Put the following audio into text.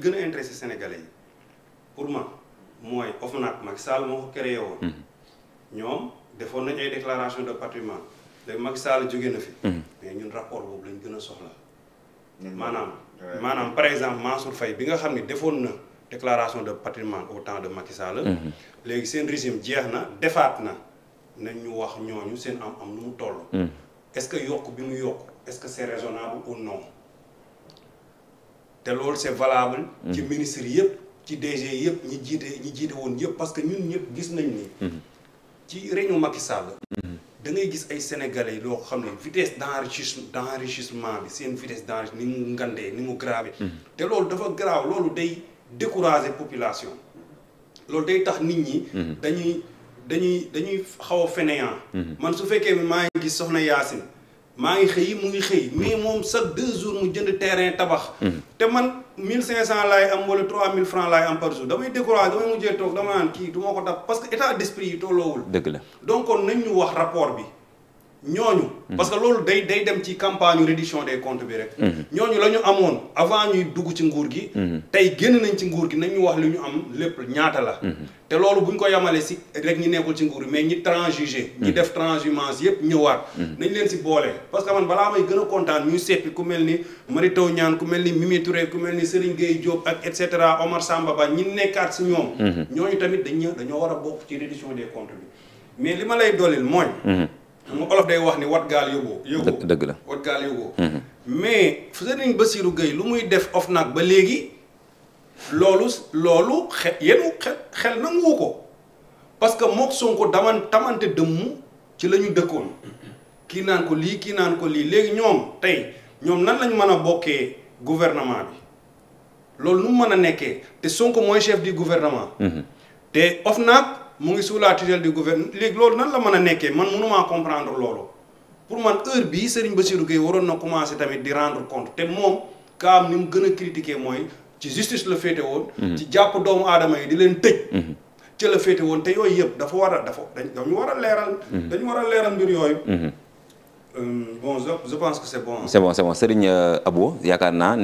gën a intéressé Sénégalais yi pour ma mooy OFNAC Macky Sall moo ko créé woon. Mhm. ñoom defoon nañ ay déclaration de patrimoine léegi Macky Sall jóge na fi. Mhm. mais ñun rapport boobu lañ gën a soxla. maanaam maanaam par exemple Mansour Faye bi nga xam ne defoon na déclaration de patrimoine au temps de Macky Sall. Mhm. léegi seen régime jeex na defaat na nañ ñu wax ñooñu seen am-am nu mu toll. est-ce que yokk bi mu yokk est-ce que c'est raisonnable ou non. te loolu c'est valable. Mm-hmm. ci ministre yëpp ci DG yëpp ñi jiite ñi jiite woon yëpp parce que ñun ñëpp gis nañ ni. Mm-hmm. ci réunion Macky Sall. Mm-hmm. da ngay gis ay sénégalais loo xam ne vitesse d'enrichissement d'enrichissement bi seen vitesse d'enrichissement ni mu ngandee ni mu grave. te loolu dafa grave loolu day décourager population. loolu day tax nit ñi. dañuy dañuy dañuy xaw a fainéant. man su fekkee maa ngi gis soxna Yacine. maa ngi xëy mu ngi xëy mais moom chaque deux jours mu jënd terrain tabax. Mhm. te man 1500 laay am wala 3000 francs laay am par jour damay découragé damay mujjee toog dama naan kii du ko dab parce que état d'esprit yi tolloowul. dëgg donc kon nañ ñu wax rapport bi. ñooñu. parce que loolu day day dem ci campagne reddition des comptes bi rek. Mhm. ñooñu la ñu amoon avant ñuy dugg ci nguur gi. Mhm. tey génn nañ ci nguur gi nañ ñu wax lu ñu am lépp ñaata la. Mhm. te loolu bu ñu ko yemale si rek ñi nekkul ci nguur gi mais ñi transjugé. ñi def transhumance yëpp ñëwaat. nañ leen si boole parce que man balaa may gën a kontaan ñu seppi ku mel ni Mary Teuw Niane ku mel ni Mimi Touré ku mel ni Serigne Gueye Diop ak et cetera Omar Samba Ba ñi nekkaat si ñoom. ñooñu tamit dañ dañoo war a bokk ci reddition des comptes mais li ma lay dolil mooy. mu olof day wax ni wat gaal yóbboo yóbboo dëgg la wat gaal yóbboo mm-hmm. mais sëriñ Bassirou Gueye lu muy def OFNAC ba léegi loolu loolu xe yenu xel xel nanguwu ko parce que mook Sonko daman tamante dëmm ci la ñu dëkkoon kii naan ko lii kii naan ko lii léegi ñoom tey ñoom nan lañ mën a bokkee gouvernement bi loolu lu mu mën a nekkee te Sonko mooy chef di gouvernement mm-hmm. te OFNAC mu ngi sous la tutelle du léegi loolu nan la mën a nekkee man mënumaa comprendre loolu pour man heure bii ba Bassirou Gueye waroon na commencer tamit di rendre compte te moom kaa am ni mu gën a critiquer mooy ci justice la féete woon mhm. ci jàpp doomu aadama yi di leen tëj mhm. ci la féete woon te yooyu yëpp dafa war a dafa dañu war a leeral mhm. dañu war a leeral mbir yooyu euh, bon je pense que c'est bon c'est bon c'est bon euh, yaakaar naa